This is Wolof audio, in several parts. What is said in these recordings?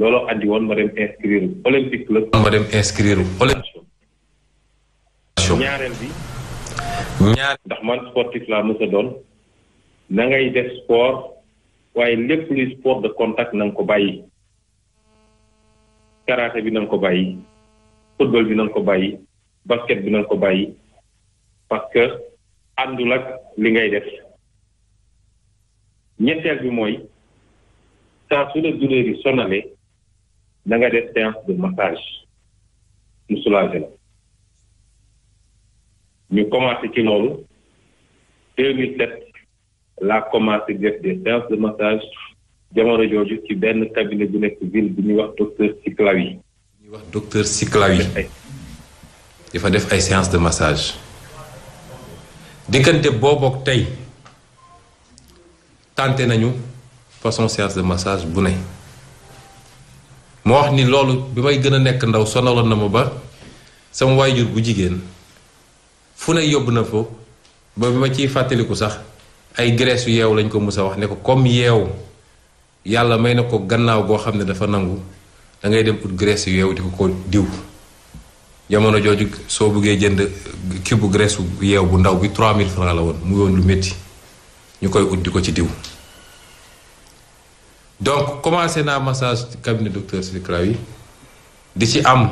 looloo andi woon ma dem inscrire olympique club. ma dem inscrire olympique. ñaareel bi. ñaar ndax man sportif laa mës a doon na ngay def sport waaye lépp luy sport de contact na nga ko bàyyi. karaté bi na nga ko bàyyi. football bi na nga ko bàyyi. basket bi na nga ko bàyyi. parce que àndul ak li ngay def. ñetteel bi mooy saa su la douleur yi sonalee na nga def séance de massage la ñu commencé ci loolu 2007 laa commencé def des séances de massage jamono jooju ci benn cabinet bu nekk ville bu ñuy wax docteur Siklawi. bu ñuy wax docteur Siklawi. dafa def ay séances de massage. diggante boobook tey tenté nañu façon séance de massage bu ne. moo wax ni loolu bi may gën a nekk ndaw sonaloon na ma ba sama waajur bu jigéen fu ne yóbbu na fo ba bi ma ciy fàttaliku sax ay graisse yu yeew lañ ko mus a wax ne ko comme yeew yàlla may ne ko gannaaw goo xam ne dafa nangu dangay dem ut graisse yu yeew di ko ko diw jamono jooju soo buggee jënd kii bu graisse bu yeew bu ndaw bi 3000 francs la woon mu yoon lu métti ñu koy ut di ko ci diw donc commencé naa massage cabinet docteur Sidi Krawi di ci am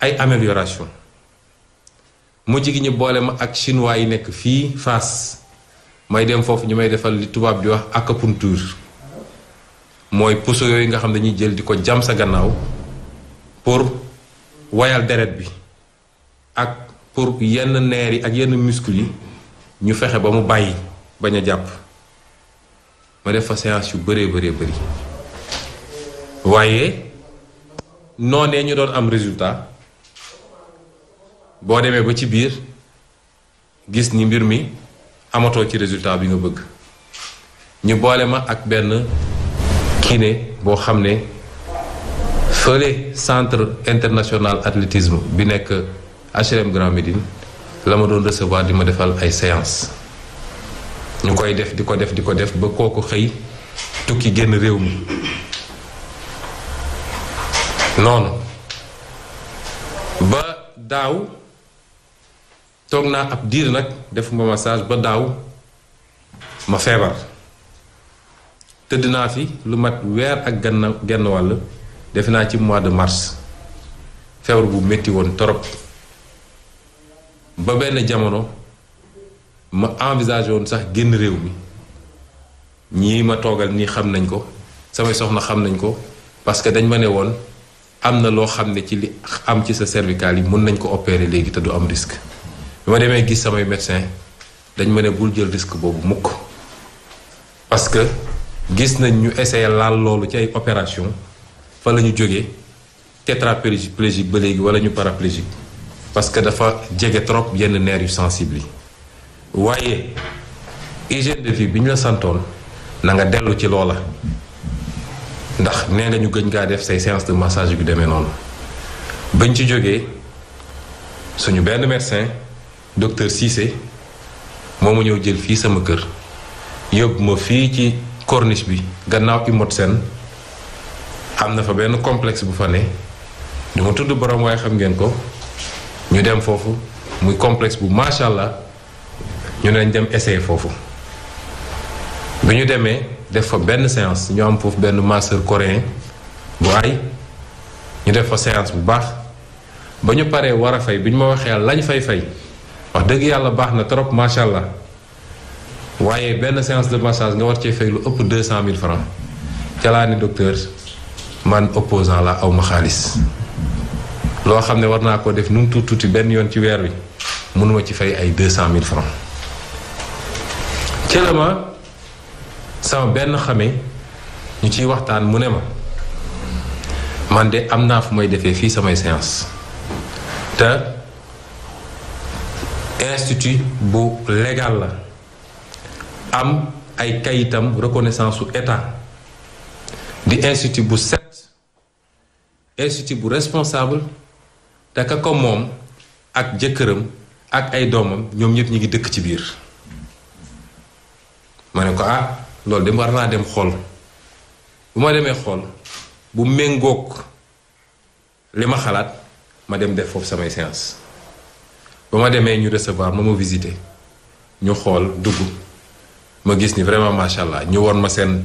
ay amélioration mu jigi ñu boole ma ak chinois yi nekk fii Fass may dem foofu ñu may defal li tubaab di wax acupuncture mooy puso yooyu nga xam ne dañuy jël di ko jam sa gannaaw pour wayal deret bi ak pour yenn neer yi ak yenn muscles yi ñu fexe ba mu bàyyi bañ a jàpp ma def fa séance yu bëree bëree bëri waaye noonee ñu doon am résultat boo demee ba ci biir gis ni mbir mi amatoo ci résultat bi nga bëgg ñu boole ma ak benn ne boo xam ne fële centre international athlétisme bi nekk HLM Grand Médine la ma doon recevoir di ma defal ay séance ñu koy def di ko def di ko def ba kooku xëy tukki génn réew mi noonu ba daaw toog naa ab diir nag defuma massage ba daaw ma feebar tëdd naa fi lu mat weer ak ganna genn wàll defe naa ci mois de mars feebar bu metti woon torop ba benn jamono ma envisagé woon sax génn réew mi ñii ma toogal nii xam nañ ko samay soxna xam nañ ko parce que dañ ma ne woon am na loo xam ne ci li am ci sa cervical yi mën nañ ko opérer léegi te du am risque bi ma demee gis samay médecin dañ ma ne bul jël risque boobu mukk parce que gis nañ ñu essayé laal loolu ci ay opération fa la ñu jógee tétraplégique ba léegi wala ñu paraplégique parce que dafa jege trop yenn neer yu sensible yi waaye hygiène de vie bi ñu la santoon na nga dellu ci loola ndax nee nga ñu gëñ ngaa def say séance de massage bi demee noonu bañ ci jógee suñu benn médecin docteur Cissé moomu ñëw jël fii sama kër yóbbu ma fii ci corniche bi gannaaw seen am na fa benn complexe bu fa ne du tudd borom waaye xam ngeen ko ñu dem foofu muy complexe bu macha allah. ñu ne dem essayer foofu bi ñu demee def fa benn séance ñu am foofu benn master coréen bu ay ñu def fa séance bu baax ba ñu paree war a fay bi ñu ma waxee lañ fay fay wax dëgg yàlla baax na trop macha allah waaye benn séance de massage nga war cee fay lu ëpp deux cent mille francs ca laa ni docteur man opposant la aw xaalis loo xam ne war naa ko def nu mu tuuti tuuti benn yoon ci weer wi mënuma ci fay ay deux cent mille francs ci ma sama benn xame ñu ciy waxtaan mu ne ma man de am naa fu may defee fii samay séance te institut bu legal la am ay kayitam reconnaissance su état di institut bu set institut bu responsable te ka ko moom ak jëkkëram ak ay doomam ñoom ñëpp ñu ngi dëkk ci biir ma ne ko ah loolu de war naa dem xool bu ma demee xool bu méngoog li ma xalaat ma dem def foofu samay séance ba ma demee ñu recevoir ma ma visité ñu xool dugg ma gis ni vraiment macha allah ñu woon ma seen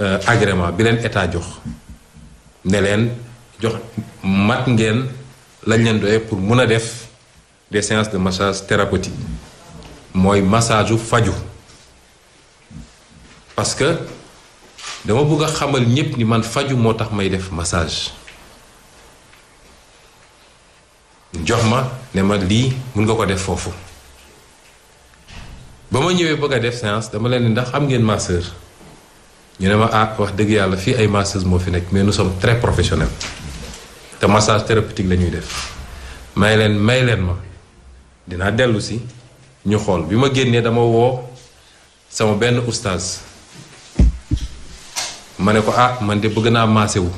euh, agrément bi leen état jox ne leen jox mat ngeen lañ leen doyee pour mun a def des séances de massage thérapeutique mooy massage u faju parce que dama bëgg a xamal ñépp ni man faju moo tax may def massage jox ma ne ma lii mun nga ko def foofu ba ma ñëwee bëgg a def séance dama leen ndax am ngeen masseur ñu ne ma ah wax dëgg yàlla fii ay masseuse moo fi nekk mais nous sommes très professionnels te massage thérapeutique la ñuy def may leen may leen ma dinaa dellu si ñu xool bi ma génnee dama woo sama benn oustaz ma ne ko ah man de bëgg naa maase wu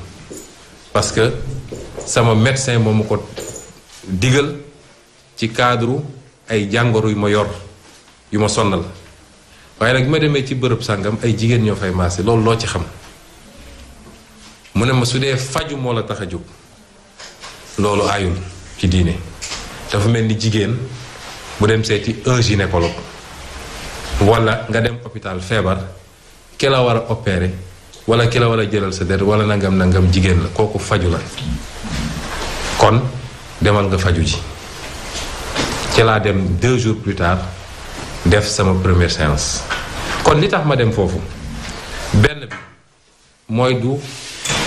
parce que sama médecin moo ma ko digal ci cadre ay jàngoro yu ma yor yu ma sonnal waaye nag bi ma demee ci bërëb sàngam ay jigéen ñoo fay maase loolu loo ci xam mu ne ma su dee faju moo la tax a jóg loolu aayul ci diine dafa mel ni jigéen bu dem seeti un gynécologue walla nga dem hôpital feebar ke la war a opérer wala kilo la jëlal sa der wala nangam nangam jigéen la kooku faju la kon demal nga faju ji ci laa dem deux jours plus tard def sama première séance kon li tax ma dem foofu benn bi mooy du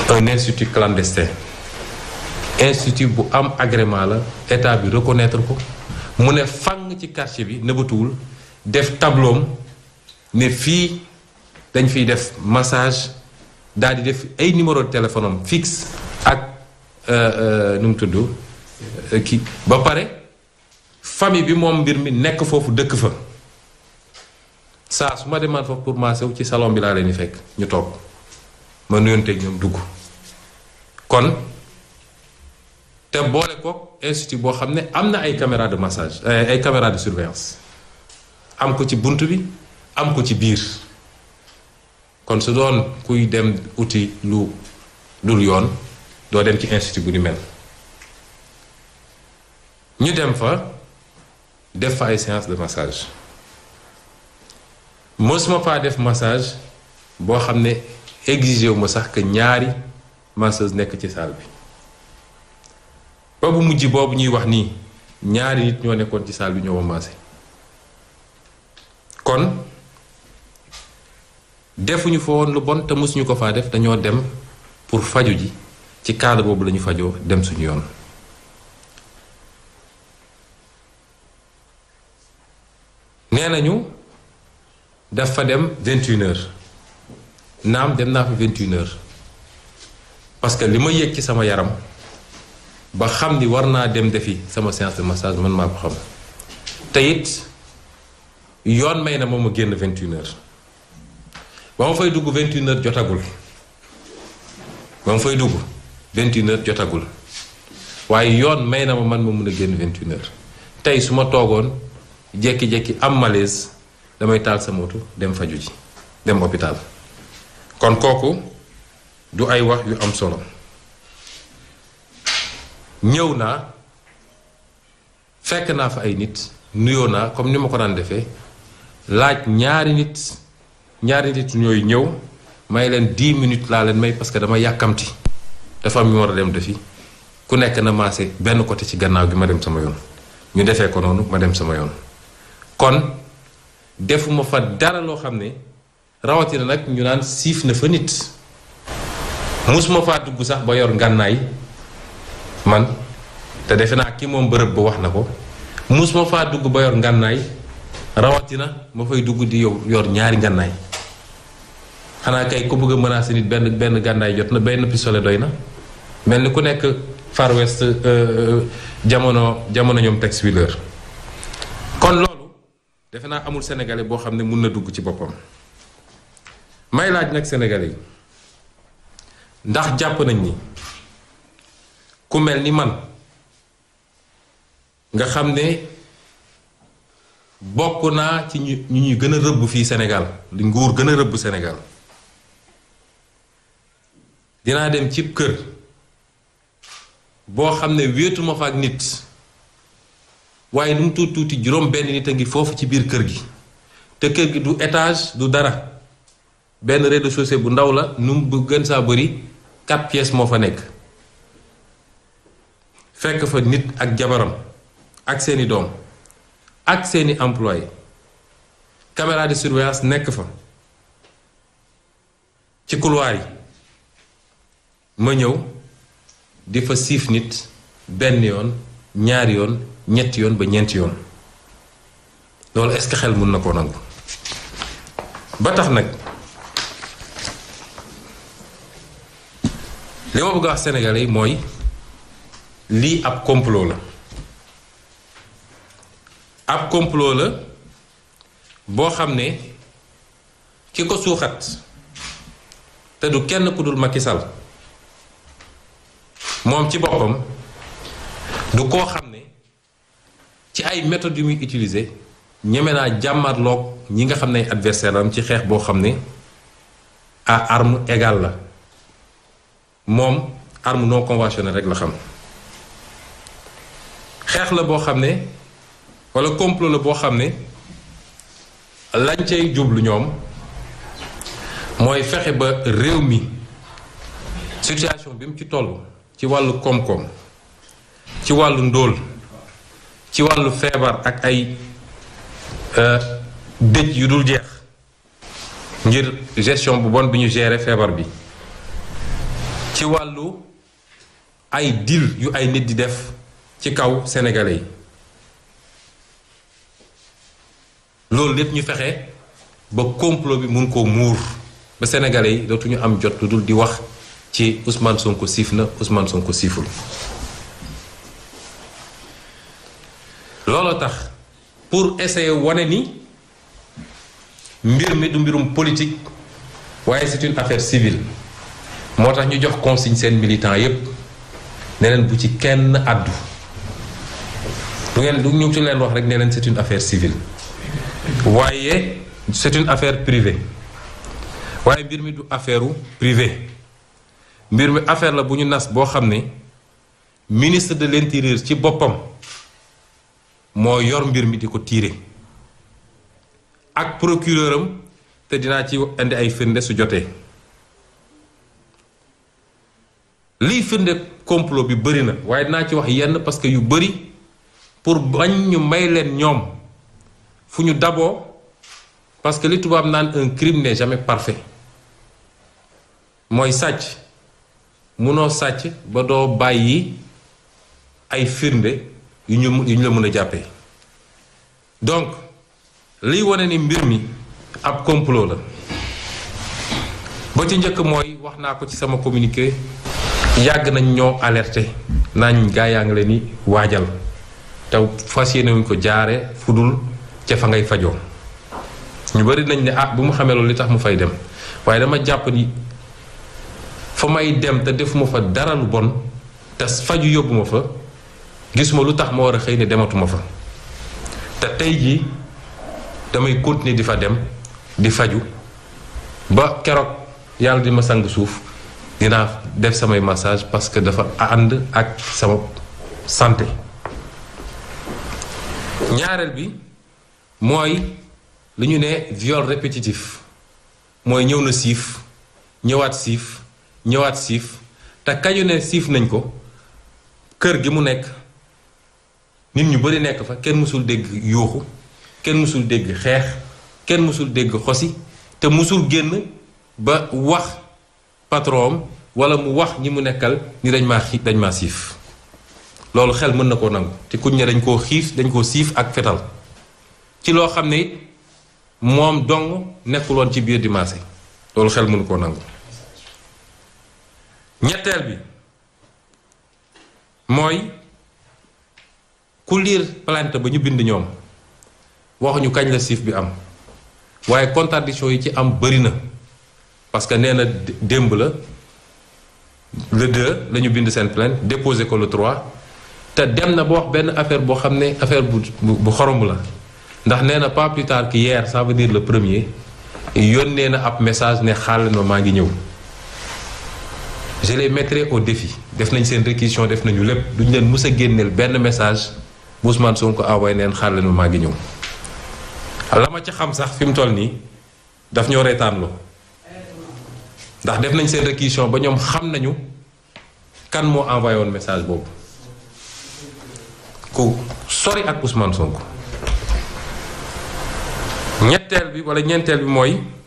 un institut clandestin institut bu am agrément la état bi reconnaître ko mu ne fang ci quartier bi nëbatuwul def tableau ne fii dañ fi def massage daal di def ay numéro de téléphone am ak euh, euh, nu mu tudd euh, kii ba pare famille bi moom mbir mi nekk foofu dëkk fa saa su ma demaan foofu pour maasew ci salon bi laa leen di fekk ñu toog ma nuyonteeg ñoom dugg kon te boole ko institut boo xam ne am na ay caméra de massage ay caméra de surveillance am ko ci bunt bi am ko ci biir kon su doon kuy dem uti lu dul yoon doo dem ci institut bu ni mel ñu dem fa def fa ay séance de massage mosuma faa def massage boo xam ne exigé wu ma sax que ñaari masseuse nekk ci salle bi boobu mujj boobu ñuy wax nii ñaari nit ñoo nekkoon ci salle bi ñoo ma maase kon defuñu fa woon lu bon te mosuñu ko faa def dañoo dem pour faju ji ci cadre boobu la ñu fajoo dem suñu yoon nee nañu daf fa dem 21 heures naam dem naa fa 21 heures parce que li ma yéeg ci sama yaram ba xam ni war naa dem defi sama séance de massage man maa ko xam te yoon may na ma ma génn 21 heures ba ma fay dugg vingt une jotagul ba ma fay dugg vingt une jotagul waaye yoon may na ma man ma mën a génn vingt une tey su ma toogoon jékki-jékki am malaise damay taal sa moto dem faju ji dem hôpital kon kooku du ay wax yu am solo ñëw naa fekk naa fa ay nit nuyoo naa comme ni ma ko daan defee laaj ñaari nit ñaari nit ñooyu ñëw may leen 10 minutes laa leen may parce que dama yàkkamti dafa am ñu war a dem defi ku nekk na maase benn côté ci gannaaw gi ma dem sama yoon ñu defee ko noonu ma dem sama yoon kon defuma fa dara loo xam ne rawatina nag ñu naan siif na fa nit musuma faa dugg sax ba yor ngànnaay man te defe naa ki moom bërëb ba wax na ko musuma faa dugg ba yor ngànnaay rawatina ma fay dugg di yow yor ñaari ngànnaay xanaa kay ku bëgg a menacer nit benn benn gànnaay jot na benn pistolet doy na mel ni ku nekk Far West euh, euh, jamono jamono ñoom Tex Willer kon loolu defe naa amul sénégalais boo xam ne mun na dugg ci boppam may laaj nag sénégalais yi ndax jàpp nañ ni ku mel ni man nga xam ne bokk naa ci ñu ñu ñuy gën a rëbb fii senegal li nguur gën a rëbb senegal dinaa dem cib kër boo xam ne wéetuma fa ak nit waaye lu mu tuuti tuuti juróom benn nit a ngi foofu ci biir kër gi te kër gi du étage du dara benn rez de bu ndaw la nu mu gën saa bëri quatre pièces moo fa nekk fekk fa nit ak jabaram ak seeni doom ak seeni emploi caméra de surveillance nekk fa ci couloir yi ma ñëw di fa siif nit benn yoon ñaari yoon ñetti yoon ba ñeenti yoon loolu est-ce xel mën na koo nangu ba tax nag li ma bëgg a wax mooy lii ab complot la ab complot la boo xam ne ki ko suuxat te du kenn ku dul Macky Sall moom ci boppam du koo xam ne ci ay méthodes yu muy utiliser ñeme naa jàmmarloog ñi nga xam ne adversaire am ci xeex boo xam ne à arme égale la moom arme non conventionnelle rek la xam xeex la boo xam ne walla complot la boo xam ne lañ cay jublu ñoom mooy fexe ba réew mi situation bi mu ci toll. ci wàllu koom-koom ci wàllu ndóol ci wàllu feebar ak ay euh, dëj yu dul jeex ngir gestion bu bon bi ñu geere feebar bi ci wàllu ay dil yu ay nit di def ci kaw sénégalais yi loolu lépp ñu fexe ba komplo bi mun koo muur ba sénégalais yi dootuñu am jot lu dul di wax ci Ousmane Sonko siif na Ousmane Sonko siiful looloo tax pour essayer wane ni mbir mi du mbirum politique waaye c'est une affaire civile moo tax ñu jox consigne seen militant yépp ne leen bu ci kenn àddu du ngeen du ñu ci leen wax rek ne leen c'est une affaire civile waaye c'est une affaire privée waaye mbir mi du affaire privé mbir mi affaire la bu ñu nas boo xam ne ministre de l'intérieur ci boppam moo yor mbir mi di ko tiire ak procureur am te dinaa ci indi ay firnde su jotee liy firnde complot bi bëri na waaye dinaa ci wax yenn parce que yu bëri pour bañ ñu may leen ñoom fu ñu daboo parce que li tubaab naan un crime n'est jamais parfait mooy sàcc munoo sàcc ba doo bàyyi ay firnde yu ñu yu ñu la mën a jàppee donc liy wane ni mbir mi ab complot la ba ci njëkk mooy wax naa ko ci sama communiqué yàgg nañ ñoo alerté nañ gaa yaa ngi leen ni waajal te fas yéene wuñ ko jaare fu dul ca fa ngay fajoo ñu bari nañ ne ah bu mu xamee loolu li tax mu fay dem waaye dama jàpp fa may dem te defuma fa dara lu bon te faju yóbbu fa gisuma lu tax ma war a xëy ne dematuma fa te tey jii damay ni di fa dem di faju ba keroog yàlla di ma sang suuf dinaa def samay massage parce que dafa ànd ak sama santé ñaareel bi mooy li ñu ne viol répétitif mooy ñëw na siif ñëwaat siif ñëwaat siif te kañu ne siif nañ ko kër gi mu nekk nit ñu bari nekk fa kenn mësul dégg yuuxu kenn mësul dégg xeex kenn mësul dégg xosi te mësul génn ba wax patron wala mu wax ñi mu nekkal ni dañ ma xiif dañ maa siif loolu xel mën na koo nangu te kuñ ne dañ koo xiif dañ koo siif ak fetal ci loo xam ne it moom dong nekkuloon ci biir di marché loolu xel mënu koo nangu ñetteel bi mooy ku liir plainte ba ñu bind ñoom waxuñu kañ la siif bi am waaye contradiction yi ci am bëri na parce que nee na démb la le 2 lañu bind seen plainte déposé ko le 3 te dem na ba wax benn affaire boo xam ne affaire bu bu xorom la ndax nee na pas plus tard que hier le premier yónnee na ab message ne xaaral ma maa ngi ñëw. je les mettrai au défi def nañ seen réquisition def nañu lépp duñ leen mus a génneel benn message bu Ousmane Sonko ah envoyé neen xaar leen maa ngi ñëw la ma ca xam sax fi mu toll nii daf ñoo reetaanloo ndax def nañ seen réquisition ba ñoom xam nañu kan moo envoyé woon message boobu ku sori ak Ousmane Sonko ñetteel bi wala ñeenteel bi mooy.